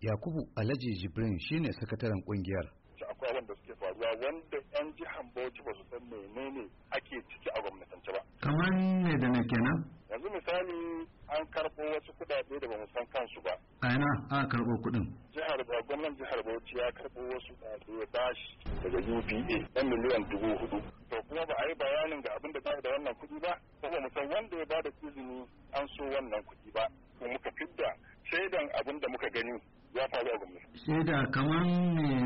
yakubu alhaji jibrin shine sakataren kungiyar akwai da suke faruwa wanda yan jihan bauchi ba su san menene ake ciki a gwamnatance ba kamar ne da na kenan yanzu misali an karɓo wasu kuɗaɗe da bamu san kansu ba a yana an karɓo kuɗin jihar ba gwamnan jihar bauchi ya karɓo wasu kuɗaɗe bashi daga upa ɗan miliyan dubu hudu to kuma ba a yi bayanin ga abin da ba da wannan kuɗi ba ko ba mu san wanda ya ba da izini an so wannan kuɗi ba ko muka fidda shaidan abin da muka gani ya faru a gwamnati. Shaida kamar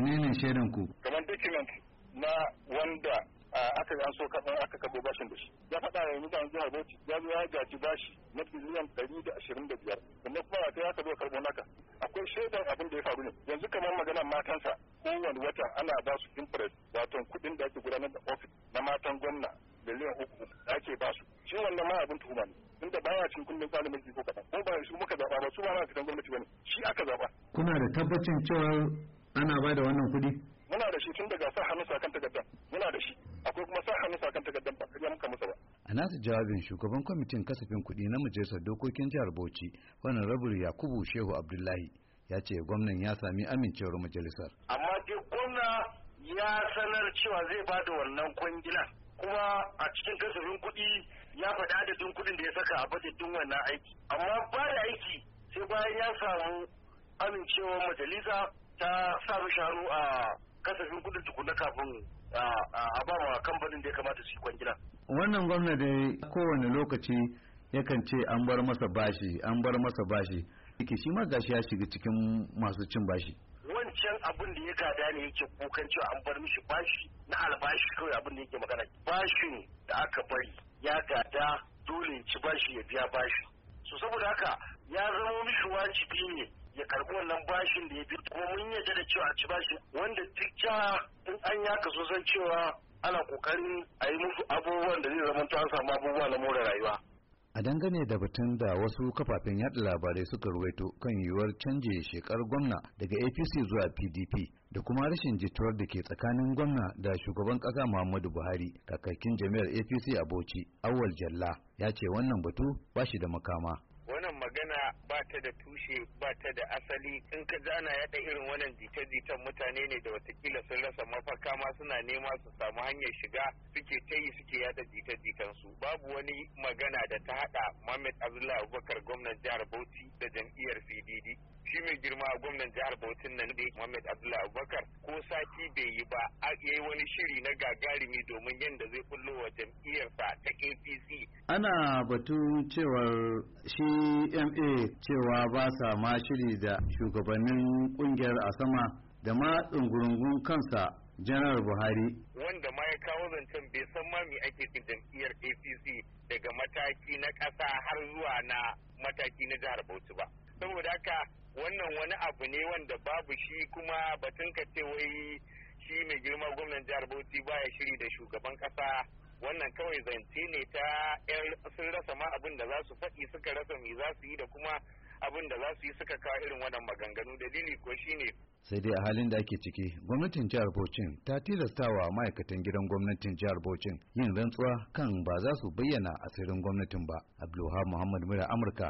menene shaidan ku? Kamar document na wanda aka an so kaɗan aka karɓo bashin da shi. Ya faɗa yanzu yanzu jihar Bauchi ya zo ya gaji bashi na biliyan ɗari da ashirin da biyar. Sannan kuma ta ya ka zo karɓo naka. Akwai shaidan abin da ya faru ne. Yanzu kamar magana matansa kowane wata ana ba su interest wato kuɗin da ake gudanar da ofis na matan gwamna miliyan uku ake ba su. Shi wannan ma abin tuhuma ne. tunda baya cikin kundin tsarin mulki ko kaɗan ko ba su muka zaba ba su ba ma fitan gwamnati bane shi aka zaɓa. kuna da tabbacin cewa ana ba da wannan kuɗi. muna da shi tun daga sa hannu sakan takarda muna da shi akwai kuma sa hannu sakan takarda ba ka muka masa ba. a nasu jawabin shugaban kwamitin kasafin kuɗi na majalisar dokokin jihar bauchi wannan rabur yakubu shehu abdullahi ya ce gwamnan ya sami amincewar majalisar. amma duk gwamna ya sanar cewa zai ba da wannan kwangila kuma a cikin kasafin kuɗi ya faɗa da adadin kuɗin da ya saka a baje din wannan aiki amma ba da aiki sai bayan ya samu amincewar majalisa ta sa shanu a kasafin kuɗin tukuna kafin a ba wa kamfanin da ya kamata su yi kwangila. wannan gwamna da kowane lokaci yakan ce an bar masa bashi an bar masa bashi yake shi ma gashi ya shiga cikin masu cin bashi wancan abin da ya gada ne yake kukan cewa an bar mishi bashi na albashi kawai abin da yake magana bashin da aka bari ya gada dole ci bashi ya biya bashi so saboda haka ya zama mishi wajibi ne ya karbi wannan bashin da ya bi kuma mun yi da cewa ci bashi wanda duk in an ya kaso san cewa ana kokarin a yi musu abubuwan da zai zama an samu abubuwa na more rayuwa a dangane da batun da wasu kafafen yaɗa labarai suka ruwaito kan yiwuwar canje shekar gwamna daga apc zuwa pdp da kuma rashin jituwar da ke tsakanin gwamna da shugaban kasa muhammadu buhari kakakin jami'ar apc a bauchi awal jalla ya ce wannan batu ba shi da makama wannan magana ba ta da tushe ba ta da asali in ka ana yaɗa irin wannan jita-jitan mutane ne da watakila sun rasa mafaka ma suna nema su samu hanyar shiga suke ta yi suke yada jita-jitan su babu wani magana da ta haɗa Mohammed Abdullahi Abubakar gwamnan jihar Bauchi da jam'iyyar PDD shi mai girma gwamnan jihar Bauchi nan ne, Mohammed Abdullahi Abubakar ko mataki bai yi ba a yi wani shiri na gagarumi domin yadda zai kullo wa jam'iyyarsa ta apc ana batu cewar shi ma cewa ba sa ma shiri da shugabannin kungiyar a sama da ma tsungurungun kansa janar buhari wanda ma ya kawo zancen bai san ma me ake fi jam'iyyar apc daga mataki na ƙasa har zuwa na mataki na jihar bauchi ba saboda haka wannan wani abu ne wanda babu shi kuma batun ka ce wai shi mai girma gwamnan jihar bauchi baya shiri da shugaban kasa wannan kawai zance ne ta sun rasa ma abin da za su faɗi suka rasa me za su yi da kuma abin da za su yi suka kawo irin wannan maganganu dalili ko shine sai dai a halin da ake ciki gwamnatin jihar Bauchin ta tilastawa ma'aikatan gidan gwamnatin jihar Bauchin yin rantsuwa kan ba za su bayyana asirin gwamnatin ba Abdulhamid Muhammad Mura Amurka